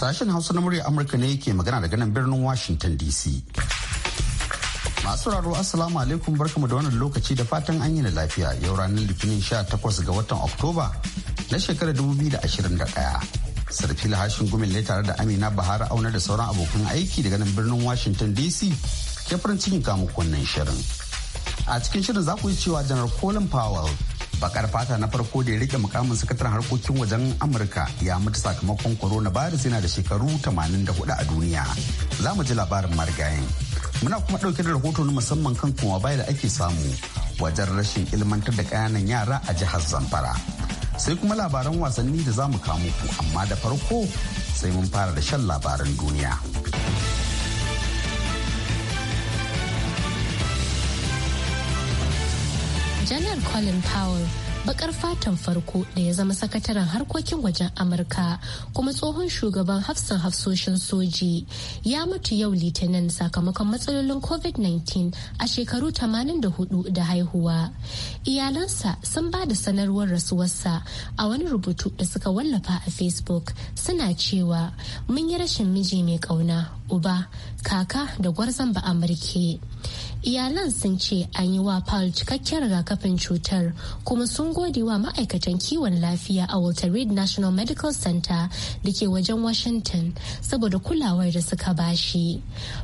Sashen Hausa na murya Amurka ne ke magana daga nan birnin Washington DC. Masu raro Assalamu alaikum barkamu da wannan lokaci da fatan an yi da lafiya yau ranar Litinin 18 ga watan Oktoba na shekarar 2021. Sarfila hashin gumin ne tare da Amina Bahara auna da sauran abokan aiki daga nan birnin Washington DC ke farin cikin kamu wannan shirin. A cikin shirin za ku yi cewa janar Colin Powell bakar fata na farko da ya rike mukamin sakataren harkokin wajen amurka ya mutu sakamakon coronavirus yana da shekaru 84 a duniya za mu ji labarin marigayin muna kuma ɗauke da rahoto na musamman kan kuma baya da ake samu wajen rashin ilmantar da ƙananan yara a jihar zamfara sai kuma labaran wasanni da za mu kamu ku amma da farko sai mun fara da shan labaran duniya. janar colin powell bakar fatan farko da ya zama sakataren harkokin wajen amurka kuma tsohon shugaban hafsan hafsoshin soji ya mutu yau litinin sakamakon matsalolin covid-19 a shekaru 84 da haihuwa iyalansa sun ba da sanarwar rasuwarsa a wani rubutu da suka wallafa a facebook suna cewa mun yi rashin miji mai kauna uba kaka da gwarzon ba amurke iyalan sun ce an yi wa paul cikakken rigakafin cutar kuma sun gode wa ma'aikatan kiwon lafiya a walter reed national medical center da ke wajen washington saboda kulawar da suka ba shi.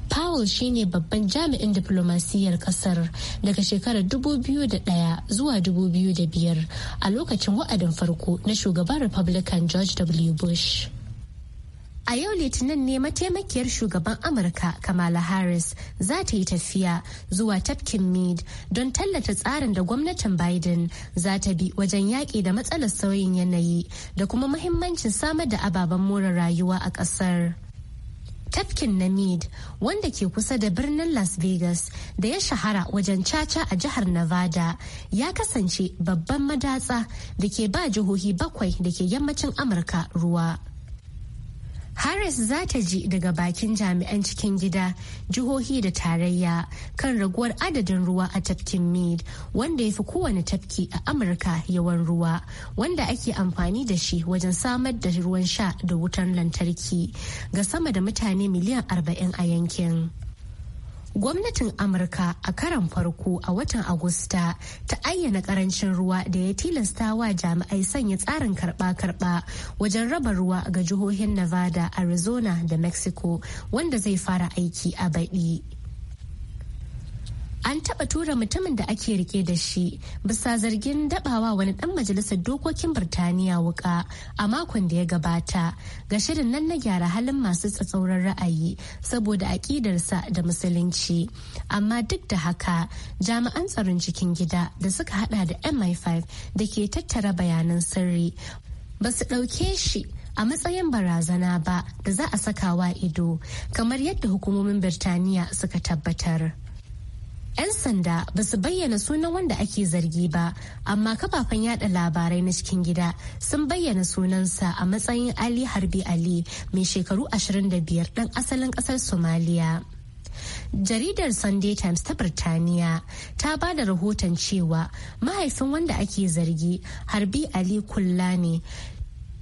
paul shine babban jami'in diplomasiyyar kasar daga shekarar 2001 zuwa 2005 a lokacin wa'adin farko na shugaban republican george w bush A yau Litinin ne mataimakiyar shugaban Amurka Kamala Harris za ta yi tafiya zuwa tafkin Mead don tallata tsarin da gwamnatin Biden za ta bi wajen yaƙi da matsalar sauyin yanayi da kuma mahimmancin samar da ababen more rayuwa a ƙasar. Tafkin na Mead wanda ke kusa da birnin Las Vegas da ya shahara wajen caca a jihar Nevada ya kasance babban madatsa da ke ba jihohi bakwai da ke yammacin Amurka ruwa. Harris za ta ji daga bakin jami'an cikin gida, jihohi da tarayya kan raguwar adadin ruwa a tafkin Mead wanda ya fi kowane tafki a Amurka yawan ruwa wanda ake amfani da shi wajen samar da ruwan sha da wutar lantarki ga sama da mutane miliyan 40 a yankin. gwamnatin amurka a karan farko a watan agusta ta ayyana karancin ruwa da ya tilasta wa jami'ai sanya tsarin karba-karba wajen raba ruwa ga jihohin nevada arizona da mexico wanda zai fara aiki a baɗi an taɓa tura mutumin da ake rike da shi bisa zargin dabawa wani ɗan majalisar dokokin birtaniya wuka a makon da ya gabata ga shirin nan na gyara halin masu tsatsauran ra'ayi saboda aƙidarsa da musulunci amma duk da haka jami'an tsaron cikin gida da suka hada da mi5 da ke tattara bayanan sirri ba su ɗauke shi a matsayin barazana ba da za a saka ido kamar yadda hukumomin birtaniya suka tabbatar. 'Yan sanda ba su bayyana sunan wanda ake zargi ba, amma kafafen yada labarai na cikin gida sun bayyana sunansa a matsayin Ali Harbi Ali mai shekaru 25 ɗan asalin ƙasar Somaliya. jaridar sunday times ta birtaniya ta ba da rahoton cewa mahaifin wanda ake zargi harbi ali kulla ne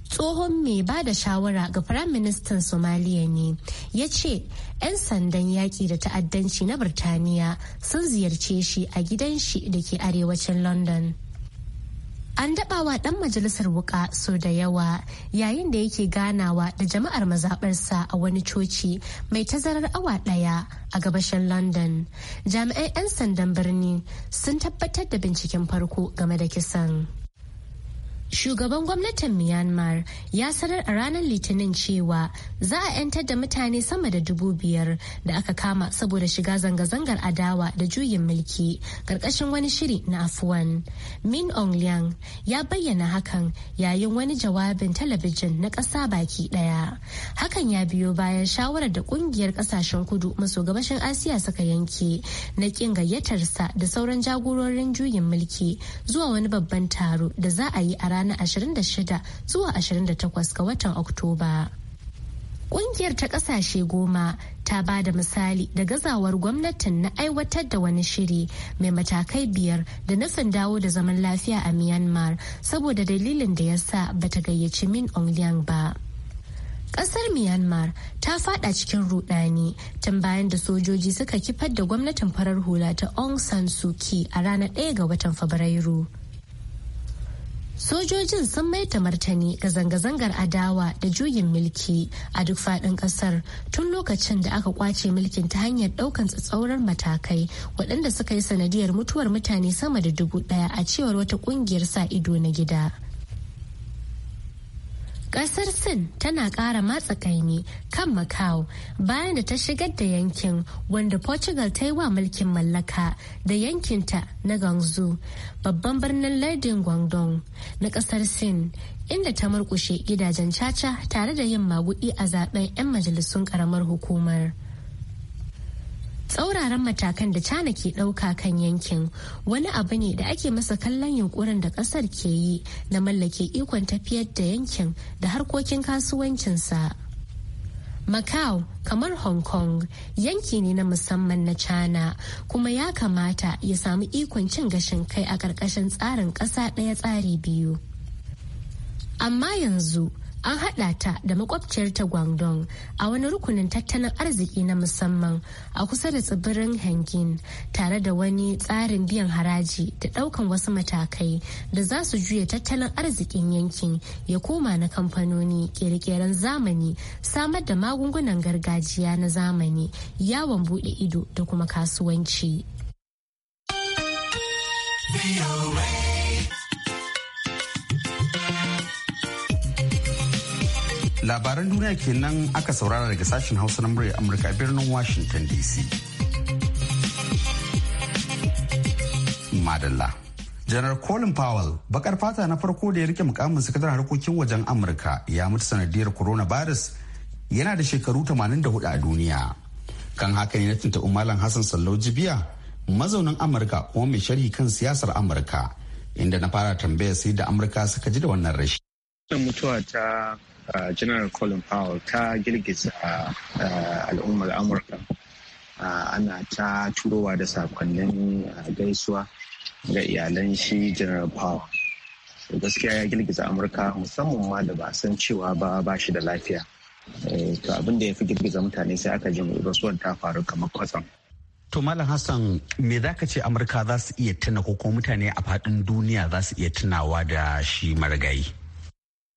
tsohon mai ba da shawara ga firaministan somaliya ne ya ce 'yan sandan yaƙi da ta'addanci na birtaniya sun ziyarce shi a gidan shi da ke arewacin london an daɓawa dan majalisar wuƙa so da yawa yayin da yake ganawa da jama'ar mazaɓarsa a wani coci mai tazarar awa daya a gabashin london jami'an 'yan sandan birni sun tabbatar da binciken farko game da kisan. Shugaban gwamnatin Myanmar ya sanar a ranar Litinin cewa za a 'yantar da mutane sama da dubu biyar da aka kama saboda shiga zanga-zangar adawa da juyin mulki ƙarƙashin wani shiri na afuwan. Min ong liang ya bayyana hakan yayin wani jawabin talabijin na ƙasa baki ɗaya. Hakan ya biyo bayan shawarar da ƙungiyar ƙasashen kudu maso gabashin Asiya suka yanke na ƙin gayyatarsa da sauran jagororin juyin mulki zuwa wani babban taro da za a yi a ranar ranar 26 zuwa 28 ga watan Oktoba. Ƙungiyar ta ƙasashe goma ta ba da misali da gazawar gwamnatin na aiwatar da wani shiri mai matakai biyar da nufin dawo da zaman lafiya a Myanmar saboda dalilin da ya sa ba ta gayyaci Min Aung ba. Ƙasar myanmar ta fada cikin rudani tun bayan da sojoji suka kifar da gwamnatin farar hula ta aung san suu kyi a ranar 1 ga watan fabrairu Sojojin sun maita martani ga zanga-zangar adawa da juyin mulki a duk faɗin ƙasar tun lokacin da aka kwace mulkin ta hanyar ɗaukan tsatsauran matakai waɗanda suka yi sanadiyar mutuwar mutane sama da dubu ɗaya a cewar wata ƙungiyar sa ido na gida. Kasar Sin tana kara matsa kaini kan Macau bayan da ta shigar da yankin wanda Portugal ta yi wa mulkin mallaka da yankinta na gangzu babban birnin lardin Guangdong na kasar Sin inda ta murkushe gidajen caca tare da yin magudi a zaben 'yan majalisun karamar hukumar. tsauraran matakan da China ke ɗauka kan yankin wani abu ne da ake masa kallon yunkurin da ƙasar ke yi na mallake ikon tafiyar da yankin da harkokin kasuwancinsa. Macau kamar Hong Kong yanki ne na musamman na China kuma ya kamata ya samu ikon cin gashin kai a ƙarƙashin tsarin ƙasa ɗaya tsari biyu. Amma yanzu an haɗa ta da ta Guangdong a wani rukunin tattalin arziki na musamman a kusa da tsibirin Hangin tare da wani tsarin biyan haraji da ɗaukan wasu matakai da za su juya tattalin arzikin yankin ya koma na kamfanoni ƙirƙiren zamani samar da magungunan gargajiya na zamani yawon buɗe ido da kuma kasuwanci. labaran duniya kenan aka saurara daga sashen hausa na murya amurka birnin washington dc madalla janar colin powell bakar fata na farko da ya rike mukamin sakataren harkokin wajen amurka ya mutu sanadiyar coronavirus yana da shekaru 84 a duniya kan haka ne na tunta Malam hassan sallau biya mazaunin amurka kuma mai sharhi kan siyasar amurka inda na fara tambaya sai da amurka suka ji da wannan rashi mutuwa ta general colin powell ta girgiza al'ummar amurka ana ta turowa da sakonnin gaisuwa ga iyalan shi general powell gaskiya ya girgiza amurka musamman ma da ba san cewa ba ba shi da lafiya eh, to abin da ya fi girgiza mutane sai aka jin rasuwar ta faru kamar kwatsam to malam hassan me za ka ce amurka za su iya tuna ko mutane a faɗin duniya za su iya tunawa da shi marigayi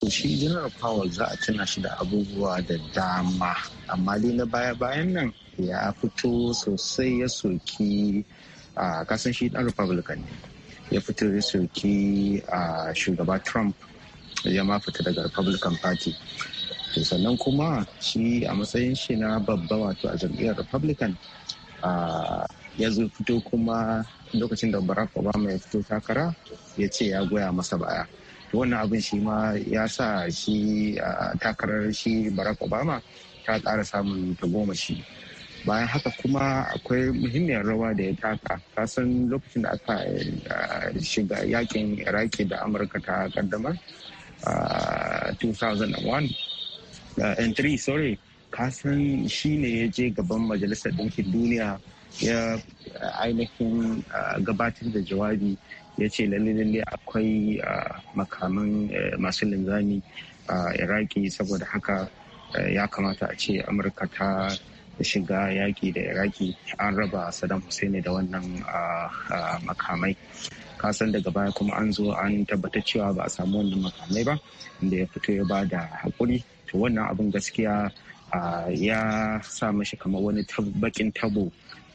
shi general powell za a tuna shi da abubuwa da dama amma dai na baya-bayan nan ya fito sosai ya soki a kasan shi dan republican ne ya fito ya soki a shugaba trump ya ma fita daga republican party to sannan kuma shi a matsayin shi na babba wato a jam'iyyar republican ya zo fito kuma lokacin da barack obama ya fito takara ya ce ya goya masa baya wannan abin shi ma ya sa shi takarar shi barack obama ta ƙara samun ta goma shi bayan haka kuma akwai muhimmiyar rawa da ya taka kasan lokacin da aka shiga yakin iraki da amurka ta kaddamar 2001 and 3 sorry kasan shi ne ya je gaban majalisar ɗinkin duniya ya ainihin gabatar da jawabi ya ce lalle lalle akwai makaman eh, masu linzami a iraki saboda haka eh, ya kamata a ce amurka ta shiga yaƙi da iraki an raba saddam hussein da wannan makamai kasan daga baya kuma an zo an tabbatar cewa ba a samu wannan makamai ba inda ya fito ya ba da haƙuri to wannan abin gaskiya ya sa mashi kamar wani baƙin tabo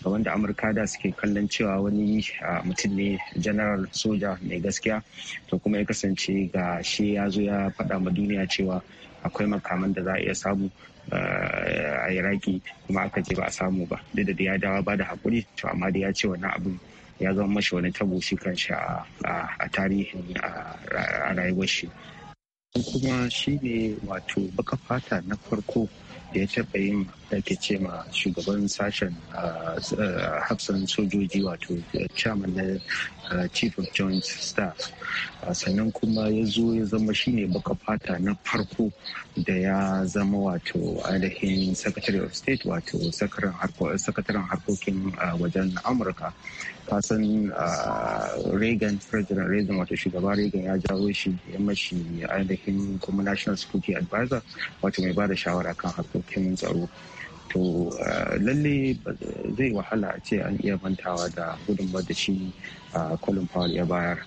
wanda amurka da suke kallon cewa wani mutum ne general soja mai gaskiya to kuma ya kasance ga shi ya zo ya faɗa ma duniya cewa akwai makaman da za a iya samu a iraki kuma aka je ba a samu ba duk da ya dawa ba da hakuri, to amma da ya ce wannan abin ya zama mashi wani tabo shi kanshi a tarihin a rayuwar shi kuma shi ne wato baka fata na farko da ya taɓa yin da ke ce ma shugaban sashen hafsan sojoji wato chairman na chief of joint staff sannan kuma ya zo ya zama shine baka fata na farko da ya zama wato ainihin secretary of state wato sakataren harkokin wajen amurka kasan reagan president reagan wato shugaba reagan ya jawo shi ya mashi ainihin kuma national security advisor wato mai ba da shawara kan harkokin tsaro to eh, lalle zai wahala a ce an iya mantawa da gudun da shi a eh, colin powell ya bayar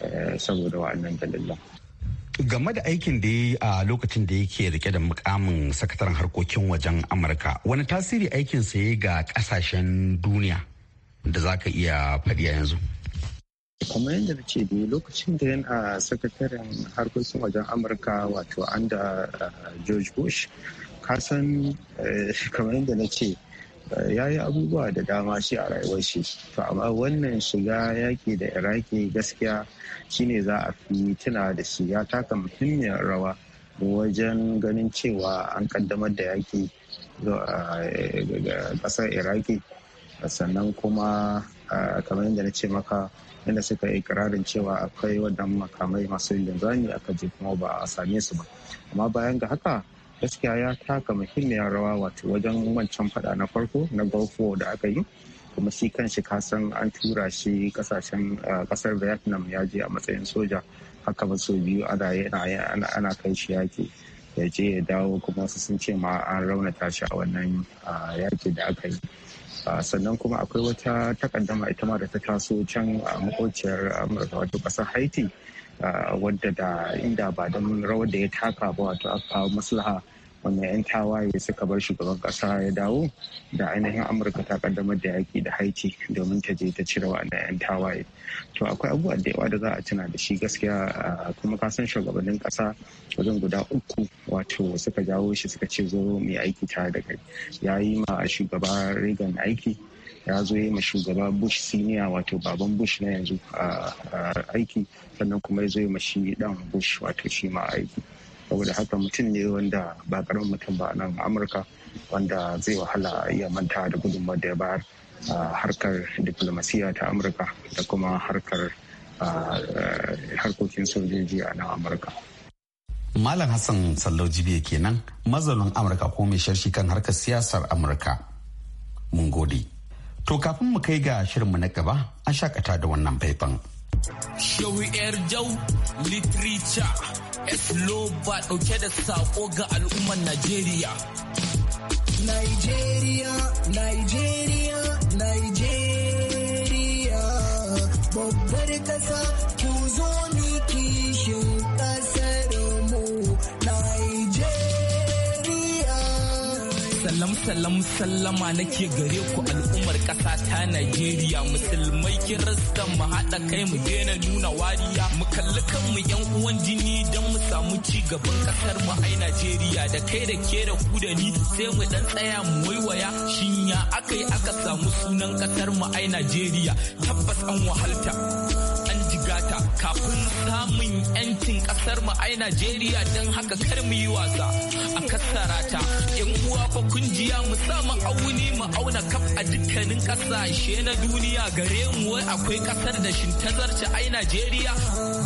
eh, saboda wa'annan dalilan game da aikin da ya yi a lokacin da yake rike da mukamin sakataren harkokin wajen amurka wani tasiri aikinsa ya ga kasashen duniya da za ka iya faɗi yanzu kuma yadda na ce da lokacin da yana sakataren harkokin wajen amurka wato anda george bush kasan eh, kamar yadda na ce eh, ya yi abubuwa da dama shi a rayuwar shi to amma wannan shiga yaƙi da iraki gaskiya shine za a fi tuna da shi ya taka muhimmiyar rawa wajen ganin cewa an kaddamar da yaki eh, ga ƙasar iraki sannan kuma kamar yadda na ce maka inda suka yi ikirarin cewa akwai wadannan makamai masu linzami aka je kuma ba a same su ba amma bayan ga haka gaskiya ya taka muhimmiyar rawa wato wajen wancan fada na farko na gulf da aka yi kuma shi kan shi kasan an tura shi kasashen kasar vietnam ya je a matsayin soja haka ba so biyu ana ana kai shi yaki ya je ya dawo kuma wasu sun ce ma an raunata shi a wannan yaki da aka yi sannan kuma akwai wata takaddama ita ma da ta taso can a makociyar amurka wato kasar haiti wadda da inda ba don rawar da ya taka ba wato aka kawo maslaha wanda 'yan tawaye suka bar shugaban kasa ya dawo da ainihin amurka ta kaddamar da yaki da haiti domin ta je ta cire wa 'yan tawaye to akwai abubuwa da yawa da za a tuna da shi gaskiya kuma ka san shugabannin kasa wajen guda uku wato suka jawo shi suka ce zo mai aiki tare da kai ya yi ma shugaba reagan aiki ya zo ya ma shugaba bush senior wato baban bush na yanzu a aiki sannan kuma ya zo ya ma shi dan bush wato shi ma aiki saboda haka mutum ne wanda ba karamin mutum ba nan amurka wanda zai wahala iya manta da gudunmawar da ya bayar a harkar diplomasiya ta amurka da kuma harkar harkokin sojoji a nan amurka malam hassan sallau jibiya kenan mazalin amurka ko mai sharshi kan harkar siyasar amurka mun gode To kafin mu kai ga mu na gaba a shakata da wannan faifan. Shawiyar Jau litrica Esloba ɗauke da sako ga al'ummar Najeriya. Nigeria, Nigeria, Nigeria, babbar ƙasa ku zo salam sallama nake gare ku al'ummar ƙasa ta Najeriya musulmai rasta mu haɗa kai mu daina nuna wariya mu kalli kanmu yan uwan jini don mu samu ci gaban kasar mu ai Najeriya da kai da ke da ku da ni sai mu dan tsaya mu waiwaya shinya akai aka samu sunan ƙasar mu ai Najeriya tabbas an wahalta an jigata kafin samun 'yancin kasar mu ai Najeriya don haka kar mu yi wasa a kasara ta yan uwa fa kungiya mu sa mu auni mu auna kaf a dukkanin kasashe na duniya gare mu wai akwai kasar da shin zarce ai Najeriya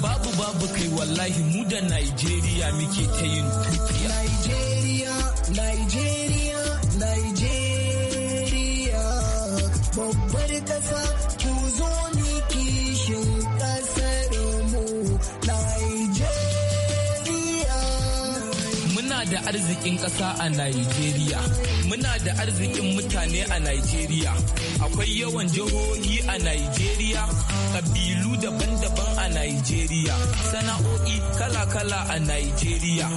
babu babu kai wallahi mu da Najeriya muke ta yin tafiya Najeriya Najeriya Najeriya babbar kasa arzikin ƙasa a Najeriya. Muna da arzikin mutane a Najeriya. Akwai yawan jihohi a Najeriya, ƙabilu daban-daban a Najeriya, sana'o'i kala-kala a Najeriya.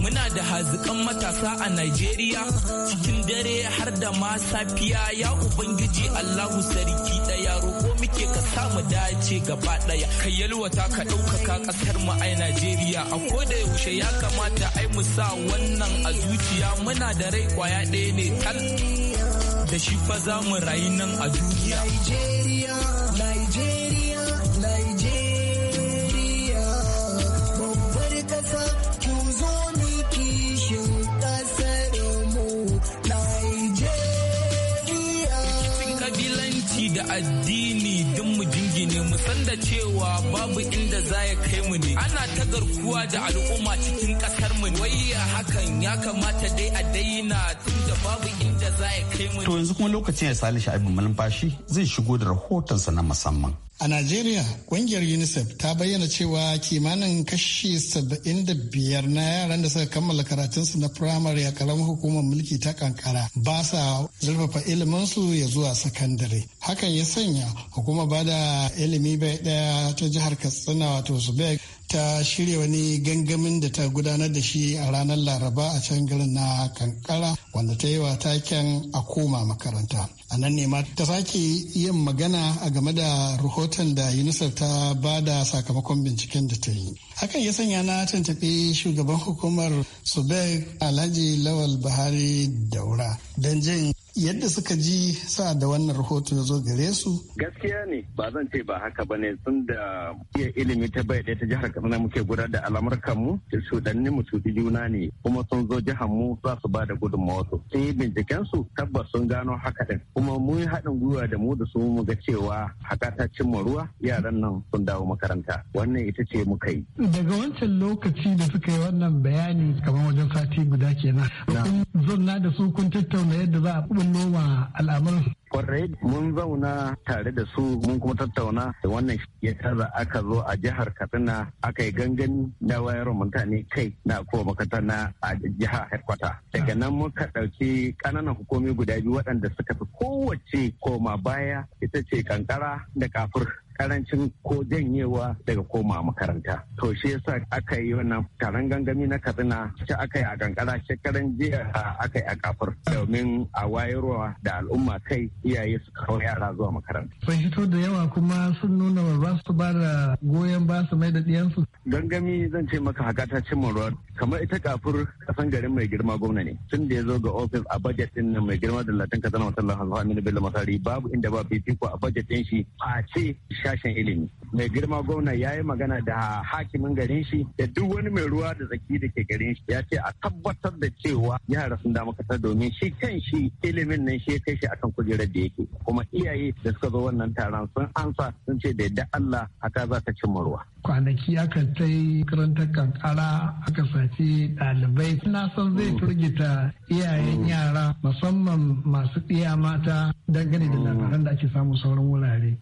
Muna da hazikan matasa a Najeriya, cikin dare har da ma safiya ya Ubangiji Allahu Sarki ɗaya roƙo. rike ka samu dace gaba daya ka yalwata ka ɗaukaka ƙasarmu mu ai Najeriya a ko da yaushe ya kamata ai mu sa wannan a zuciya muna da rai kwaya ɗaya ne tal da shi fa za mu rayu nan a duniya Nigeria Nigeria cewa babu inda za ya kai mu ne ana ta garkuwa da al'umma cikin kasar mu wai hakan ya kamata dai a daina tun babu inda za ya kai mu to yanzu kuma lokacin ya salishi abin malumfashi zai shigo da rahotonsa na musamman A Najeriya, kungiyar UNICEF ta bayyana cewa kimanin kashi 75 na yaran da suka kammala karatunsu na firamare a karamar hukumar mulki ta kankara ba sa zurfafa su ya zuwa sakandare. Hakan ya sanya hukumar bada ilimi bai daya ta jihar Katsina wato Subek ta shirya wani gangamin da ta gudanar da shi a ranar Laraba a can garin na kankara wanda ta yi wa taken a koma makaranta. a nan ne ma ta sake yin magana a game da rahoton da unicef ta ba da sakamakon binciken da ta yi hakan ya sanya na tantabe shugaban hukumar subek alhaji lawal bahari daura don jin yadda suka ji sa da wannan rahoto ya zo gare su gaskiya ne ba zan ce ba haka ba ne tun da iya ilimi ta bai da ta jihar katsina muke guda da al'amurkan mu shudanni mu cuɗi juna ne kuma sun zo jihar mu za su ba da gudunmawa su sun yi binciken su tabbas sun gano haka din kuma mun yi haɗin gwiwa da mu da su mu ga cewa haka ta cimma ruwa yaran nan sun dawo makaranta wannan ita ce muka yi daga wancan lokaci da suka yi wannan bayani kamar wajen sati guda kenan kun na da su kun tattauna yadda za a bullowa al'amarin? kwarai mun zauna tare da su mun kuma tattauna da wannan ya tara aka zo a jihar katsina aka yi gangan na wayar mutane kai na kowa makata na a jihar herkwata daga nan muka ɗauki ƙananan hukumi guda biyu waɗanda suka fi kowace koma baya ita ce kankara da kafur karancin ko janyewa daga koma makaranta to shi yasa aka yi wannan taron gangami na katsina shi aka yi a kankara shekaran jiya aka yi a kafar domin a wayarwa da al'umma kai iyaye su kawo yara zuwa makaranta Ban hito da yawa kuma sun nuna ba za su ba goyon ba su mai da diyansu gangami zan ce maka haka ta cimma ruwa kamar ita kafur kasan garin mai girma gwamna ne tun da ya zo ga ofis a bajet din mai girma da latin katsina wasallan da bai da masari babu inda ba fifiko a bajet din shi face sashen ilimi mai girma gwamna ya yi magana da hakimin garin shi da duk wani mai ruwa da tsaki da ke garin shi ya ce a tabbatar da cewa yara sun damu kasar domin shi kan shi ilimin nan shi ya kai shi akan kujerar da yake kuma iyaye da suka zo wannan taron sun ansa sun ce da yadda Allah haka za ta cimma ruwa. kwanaki aka ta yi karantar kankara aka sace ɗalibai na san zai turgita mm. iyayen mm. yara musamman masu ɗiya mata dangane da mm. labaran da ake samu sauran wurare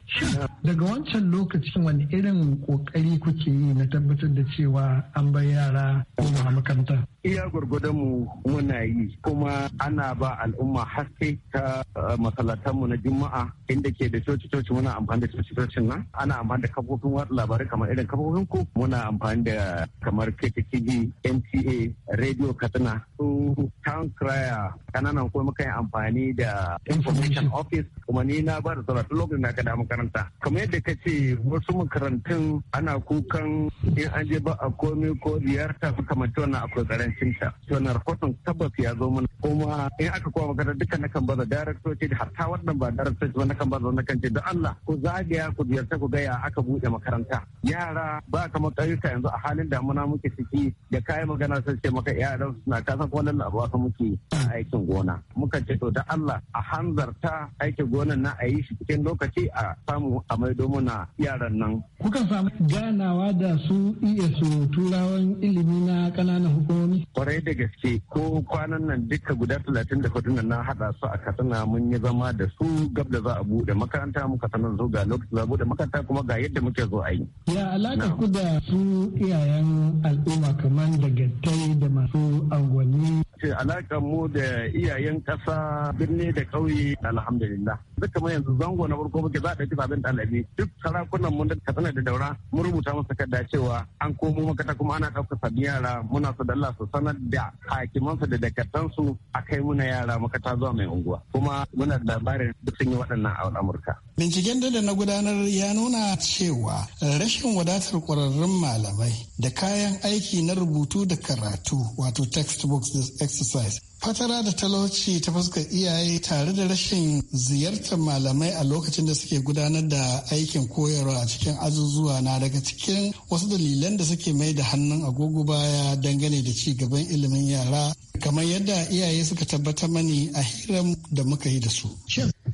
daga wancan lokacin wani irin ƙoƙari kuke yi na tabbatar da cewa an bar yara a makaranta iya gwargwadon mu muna yi kuma ana ba al'umma haske ta eh, masallatanmu na juma'a inda ke da coci-coci muna amfani da coci-cocin nan ana amfani da kafofin watsa labarai kamar irin kafofin ku muna amfani da kamar KTV, NTA, Radio Katsina, su Town Crier, kananan ko muka yi amfani da Information Office kuma ni na ba da sauran lokacin da aka da makaranta. Kamar yadda ka ce wasu makarantun ana kukan in an je ba a komi ko ziyarta suka mace wannan akwai turancinta to na rahoton tabbas ya zo mana kuma in aka koma magana duka na kan baza daraktoci da hatta wannan ba daraktoci ba na kan baza na kan ce da Allah ku zagaya ku ziyarta ku gaya aka buɗe makaranta yara ba kamar ƙauyuka yanzu a halin damuna muke ciki da kayan magana sun ce maka yaran suna kasan kwanan ka muke aikin gona muka ce to da Allah a hanzarta aikin gonan na a yi shi cikin lokaci a samu a maido mana yaran nan. Kuka samu ganawa da su iya e su turawan ilimi na ƙananan hukumomi kwarai da gaske ko kwanan nan duka guda talatin da hudu na hada su a katsina mun yi zama da su gab da za a buɗe makaranta muka sanar zo ga lokacin za a buɗe makaranta kuma ga yadda muke zo a yi. ya alaƙa ku da su iyayen al'umma kamar da gattai da masu angwani ce alaƙar mu da iyayen kasa birni da kauye alhamdulillah duk kamar yanzu zango na farko muke za a ɗauki sabon ɗalibi duk sarakunan mu da katsina da daura mun rubuta musu kadda cewa an komo makata kuma ana ɗauka sabbin yara muna so da Allah su sanar da hakimansu da dakatansu a kai muna yara makata zuwa mai unguwa kuma muna da labarin duk sun yi waɗannan a Amurka. Binciken da na gudanar ya nuna cewa rashin wadatar ƙwararrun malamai da kayan aiki na rubutu da karatu wato textbooks exercise fatara da talauci ta fuskar iyaye tare da rashin ziyartar malamai a lokacin da suke gudanar da aikin koyarwa a cikin azuzuwa na daga cikin wasu dalilan da suke mai da hannun agogo baya dangane da ci gaban ilimin yara kamar yadda iyaye suka tabbatar mani a hiran da muka yi da su.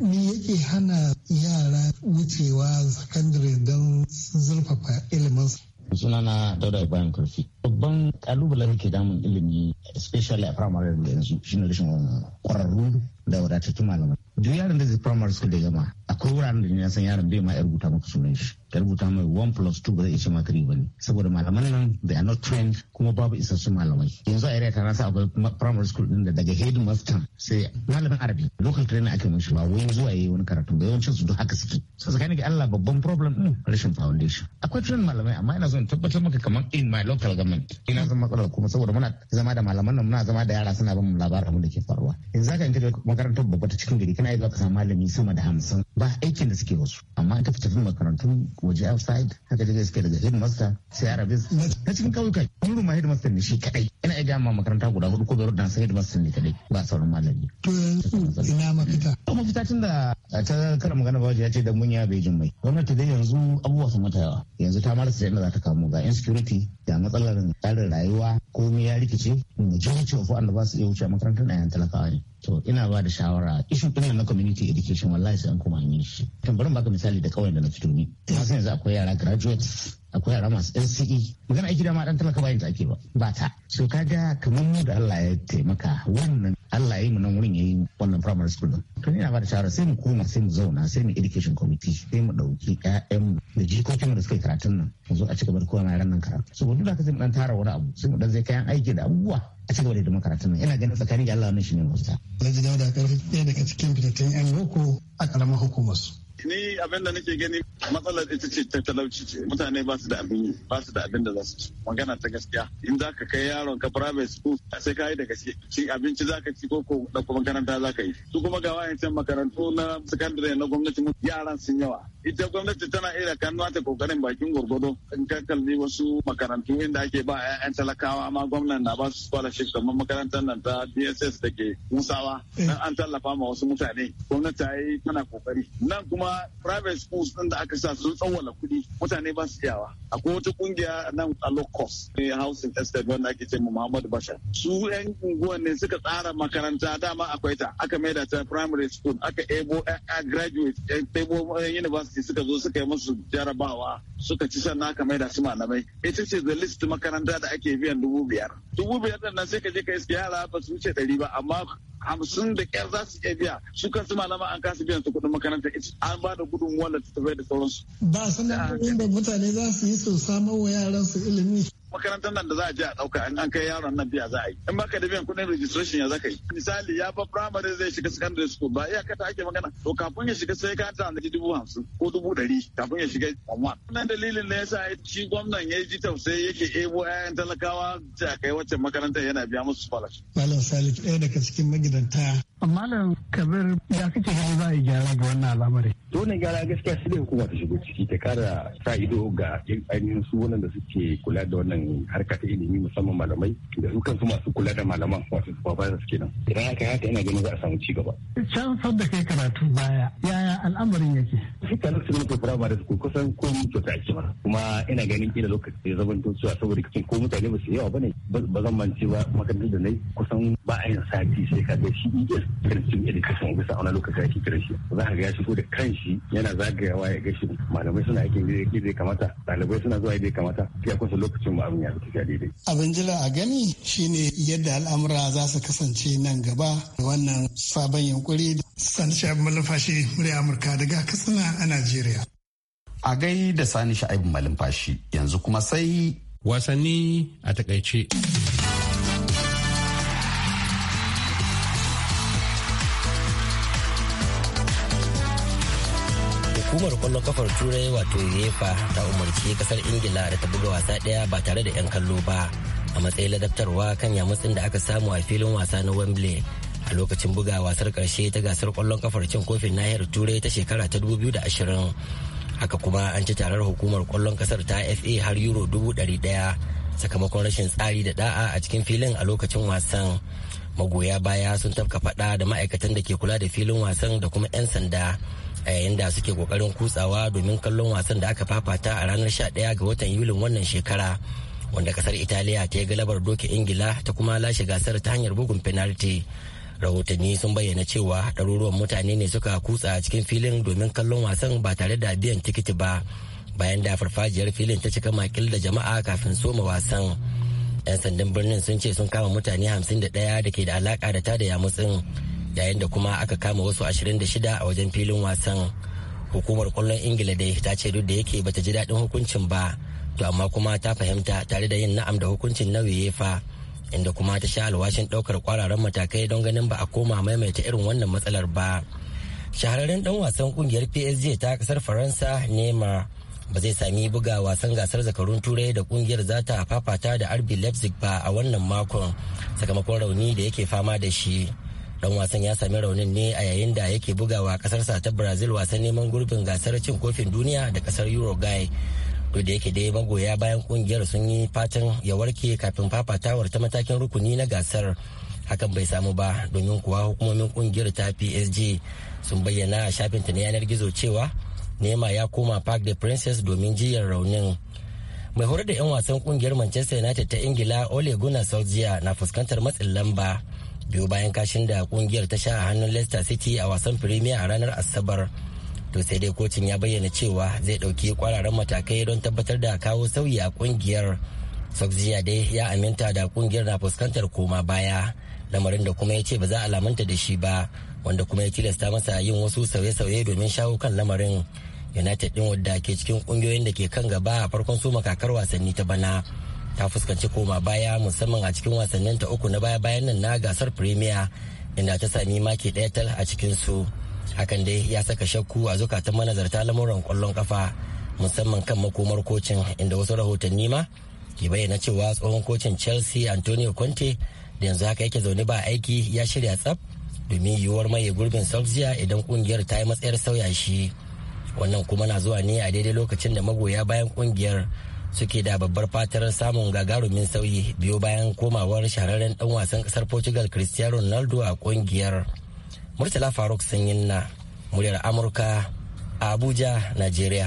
Me yake hana yara wucewa sakandare don zurfafa ilimin sunana dauda ibrahim kurfi babban kalubalen da ke damun ilimi especially a primary da yanzu shine rashin kwararru da wadatattun malamai duk yaran da zai primary school da gama akwai wuraren da na san yaran bai ma yar rubuta maka sunan shi ya rubuta mai 1 plus 2 ba zai ce maka riba ne saboda malaman nan they are not trained kuma babu isassun malamai yanzu a area ta nasa akwai primary school din da daga headmaster sai malamin arabi local trainer ake mishi ba wai zuwa yayi wani karatu ba yawancin su duk haka suke so tsakanin ga Allah babban problem din rashin foundation akwai trained malamai amma ina zan tabbatar maka kamar in my local government government ina zama matsalar kuma saboda muna zama da malaman nan muna zama da yara suna bamu labarin abin da ke faruwa yanzu zaka yanke makarantar babba ta cikin gari kana yi zaka samu malami sama da hamsin ba aikin da suke wasu amma ka fita makarantun waje outside haka dai suke daga headmaster sai arabis na cikin kauyuka kullum ma headmaster ne shi kadai ina iya ma makaranta guda hudu ko biyar da sai headmaster ne kadai ba sauran malami to yanzu ina mafita kuma mafita tun da ta kara magana ba ya ce da mun ya jin mai gwamnati dai yanzu abubuwa sun mata yawa yanzu ta sai yadda za ta kamo ga insecurity da matsalar tsarin tsarin rayuwa komai ya rikice majority of wanda ba su iya wuce makarantar ɗayan talakawa ne to ina ba da shawara ishin ɗin na community education wallahi sai an kuma hanyar shi tambarin baka misali da kawai da na fito ni yanzu yanzu akwai yara graduates akwai yara masu NCE magana aiki da ma dan talaka bayan take ba ba ta so kaga kamar mu da Allah ya taimaka wannan Allah ya yi mu nan wurin ya yi wannan primary school din to ina ba da shawara sai mu koma sai mu zauna sai mu education committee sai mu dauki ƴaƴan da jikokin da suka yi karatun nan mu zo a cigaba da kowa ma yaran nan karatu so duk da ka sai mu dan tara wani abu sai mu dan zai kayan aiki da abubuwa a ci gaba da hidimar karatun nan ina ganin tsakanin da Allah wannan shine mafita. Alhaji da Karfi ɗaya daga cikin fitattun ƴan boko a ƙaramin hukumar su. ni abin da nake gani matsalar ita ce ta talauci ce mutane ba su da abin ba su da abin da za su ci magana ta gaskiya in za ka kai yaron ka private school sai ka yi da gaske ci abinci za ka ci ko ko da makaranta za ka yi su kuma ga wayancan makarantu na secondary na gwamnati yaran sun yawa ita gwamnati tana iya kanuwa ta kokarin bakin gurgudu in ka kalli wasu makarantu inda ake ba 'ya'yan talakawa ma gwamnan na ba su scholarship kamar makarantar nan ta dss da ke musawa eh. dan an tallafa ma wasu mutane gwamnati ta yi tana kokari nan kuma private schools din da aka sa sun tsawwala kuɗi mutane ba su yawa akwai wata kungiya nan a low cost ne eh, housing estate wanda ake ce muhammadu bashar su 'yan unguwan ne suka tsara makaranta dama akwai ta aka maida ta primary school aka ebo a graduate ebo university university suka zo suka yi musu jarabawa suka ci sannan aka da su malamai ita ce the list makaranta da ake biyan dubu biyar dubu biyar da nan sai ka je ka iske yara ba su wuce ɗari ba amma hamsin da ƙyar za su iya biya su su malama an kasa biyan su kuɗin makaranta an ba da gudunmuwa da tattafai da sauransu. ba su da mutane za su yi su samar wa yaran su ilimi makarantar nan da za a je a ɗauka an kai yaron nan biya za a yi in baka da biyan kuɗin registration ya zaka yi misali ya fa primary zai shiga secondary school ba iyaka ta ake magana to kafin ya shiga sai ka ta da dubu hamsin ko dubu ɗari kafin ya shiga form amma wannan dalilin ne yasa shi gwamnan ya ji tausayi yake ebo 'ya'yan talakawa ta kai wacce makaranta yana biya musu scholarship. Malam Salik ɗaya daga cikin magidanta. Malam Kabir ya kake ga za a yi gyara ga wannan al'amari. to ne gyara gaskiya sai da hukuma ta shigo ciki ta kara sa ido ga ainihin su wannan da suke kula da wannan harkar ilimi musamman malamai da su kansu masu kula da malaman wato supervisors kenan idan aka haka yana ganin za a samu cigaba. can da kai karatu baya yaya al'amarin yake. ita ka sun ko firamare su kusan ko mutu ta ake mana kuma ina ganin kila lokaci ya zamanto cewa saboda kacin ko mutane ba su yawa ba ne ba zan mance ba makarantar da na yi kusan ba a yin sati sai ka ga shi iya kirkin education bisa wani lokaci ake kira shi za ka ga ya shigo da kanshi yana zagayawa ya gashi malamai suna aikin da ya kamata ɗalibai suna zuwa ya kamata ya kusa lokacin ba Abin jira a gani shine yadda al'amura za su kasance nan gaba wannan sabon yunkuri. Sani Shaib Malumfashi murya Amurka daga Katsina a Najeriya. A gai da Sani Shaib Malumfashi yanzu kuma sai wasanni a takaice. hukumar kwallon kafar turai wato uefa ta umarci kasar ingila da ta buga wasa daya ba tare da 'yan kallo ba a matsayin ladabtarwa kan yamutsin da aka samu a filin wasa na wembley a lokacin buga wasar karshe ta gasar kwallon kafar cin kofin nahiyar turai ta shekara ta ashirin haka kuma an ci tarar hukumar kwallon kasar ta fa har yuro dubu euro daya sakamakon rashin tsari da da'a a cikin filin a lokacin wasan magoya baya sun tafka fada da ma'aikatan da ke kula da filin wasan da kuma 'yan sanda a yayin da suke kokarin kutsawa domin kallon wasan da aka fafata a ranar 11 ga watan yulin wannan shekara wanda kasar italiya ta yi galabar dokin ingila ta kuma lashe gasar ta hanyar bugun penalty rahotanni sun bayyana cewa ɗaruruwan mutane ne suka kutsa cikin filin domin kallon wasan ba tare da biyan tikiti ba bayan da farfajiyar filin ta cika makil da jama'a kafin soma wasan 'yan sandan birnin sun ce sun kama mutane 51 da ke da alaka da tada yamutsin yayin da kuma aka kama wasu 26 a wajen filin wasan hukumar kwallon ingila dai ta ce duk da yake bata ji daɗin hukuncin ba to amma kuma ta fahimta tare da yin na'am da hukuncin na uefa inda kuma ta sha alwashin ɗaukar kwararan matakai don ganin ba a koma maimaita irin wannan matsalar ba shahararren dan wasan kungiyar psg ta kasar faransa nema ba zai sami buga wasan gasar zakarun turai da kungiyar zata fafata da rb leipzig ba a wannan makon sakamakon rauni da yake fama da shi dan wasan ya sami raunin ne a yayin da yake bugawa kasarsa ta brazil wasan neman gurbin gasar cin kofin duniya da kasar uruguay duk da yake dai magoya bayan kungiyar sun yi fatan ya warke kafin fafatawar ta matakin rukuni na gasar hakan bai samu ba domin kuwa hukumomin kungiyar ta psg sun bayyana a ta na yanar gizo cewa nema ya koma park the princess domin jiyar raunin mai horar da 'yan wasan kungiyar manchester united ta ingila ole gunnar solskjaer na fuskantar matsin lamba biyu bayan kashin da kungiyar ta sha a hannun leicester city a wasan premier a ranar asabar to sai dai kocin ya bayyana cewa zai ɗauki kwararan matakai don tabbatar da kawo sauyi a kungiyar soxiya dai ya aminta da kungiyar na fuskantar koma baya lamarin da kuma ya ce ba za a lamanta da shi ba wanda kuma ya tilasta masa yin wasu sauye-sauye domin shawo kan lamarin united din wadda ke cikin kungiyoyin da ke kan gaba a farkon soma kakar wasanni ta bana ta fuskanci koma baya musamman a cikin wasannin ta uku na baya bayan nan na gasar premier inda ta sami maki ɗaya tal a cikin su hakan dai ya saka shakku a zukatan manazarta lamuran kwallon kafa musamman kan makomar kocin inda wasu rahotanni ma ke bayyana cewa tsohon kocin chelsea antonio conte da yanzu haka yake zaune ba aiki ya shirya tsaf domin yiwuwar maye gurbin Solskjaer idan kungiyar ta yi matsayar sauya shi wannan kuma na zuwa ne a daidai lokacin da magoya bayan kungiyar suke da babbar fatar samun gagarumin sauyi biyo bayan komawar shahararren dan wasan kasar portugal cristiano ronaldo a kungiyar murtala faruk sanyin na muryar amurka a abuja nigeria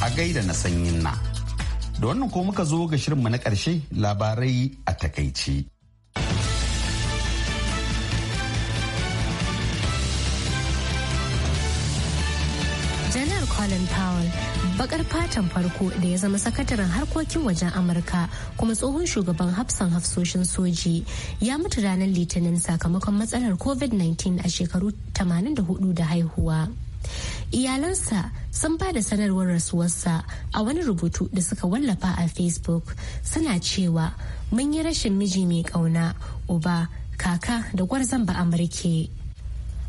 a gaida na sanyin na da wannan ko muka zo ga shirinmu na ƙarshe labarai a takaici. Colin Powell bakar fatan farko da ya zama sakataren harkokin wajen Amurka kuma tsohon shugaban hafsan hafsoshin soji ya mutu ranar litinin sakamakon matsalar COVID-19 a shekaru 84 da haihuwa. iyalansa sun ba da sanarwar rasuwarsa a wani rubutu da suka wallafa a facebook suna cewa mun yi rashin miji mai kauna uba kaka da gwarzon ba Amurka.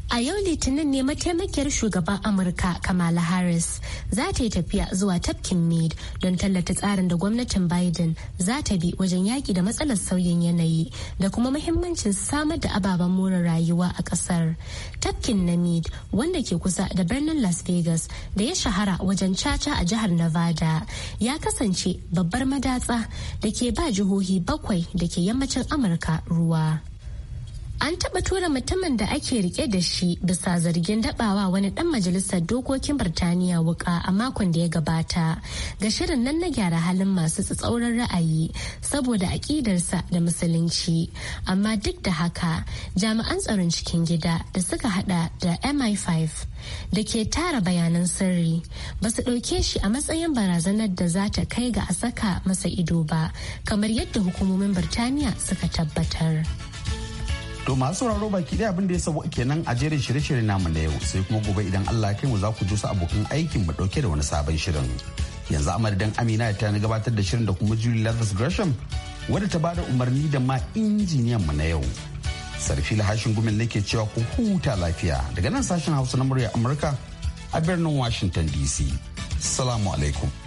A yau Litinin ne mataimakiyar shugaban Amurka Kamala Harris za ta yi tafiya zuwa tafkin Mead don tallata tsarin da gwamnatin Biden za ta bi wajen yaƙi da matsalar sauyin yanayi da kuma mahimmancin samar da ababen more rayuwa a ƙasar. Tafkin na Mead wanda ke kusa da birnin Las Vegas da ya shahara wajen caca a jihar Nevada ya kasance babbar madatsa da ke ba jihohi bakwai da ke yammacin Amurka ruwa. An taɓa tura mutumin da ake rike da shi bisa zargin dabawa wani ɗan majalisar dokokin Birtaniya wuka a makon da ya gabata ga shirin nan na gyara halin masu tsatsauran ra'ayi saboda aƙidarsa da musulunci. Amma duk da haka jami'an tsaron cikin gida da suka hada da MI5 da ke tara bayanan sirri ba su ɗauke shi a matsayin barazanar da za ta kai ga a saka masa ido ba kamar yadda hukumomin Birtaniya suka tabbatar. To masu sauraro baki dai abin da ya sabo kenan a jerin shirye-shirye namu na yau sai kuma gobe idan Allah ya kai mu za ku ji abokan aikin mu dauke da wani sabon shirin. Yanzu a madadin Amina ta na gabatar da shirin da kuma Julie Lazarus Gresham wadda ta bada umarni da ma injiniyan mu na yau. Sarfi lahashin gumin nake cewa ku huta lafiya daga nan sashen Hausa na murya Amurka a birnin Washington DC. Salamu alaikum.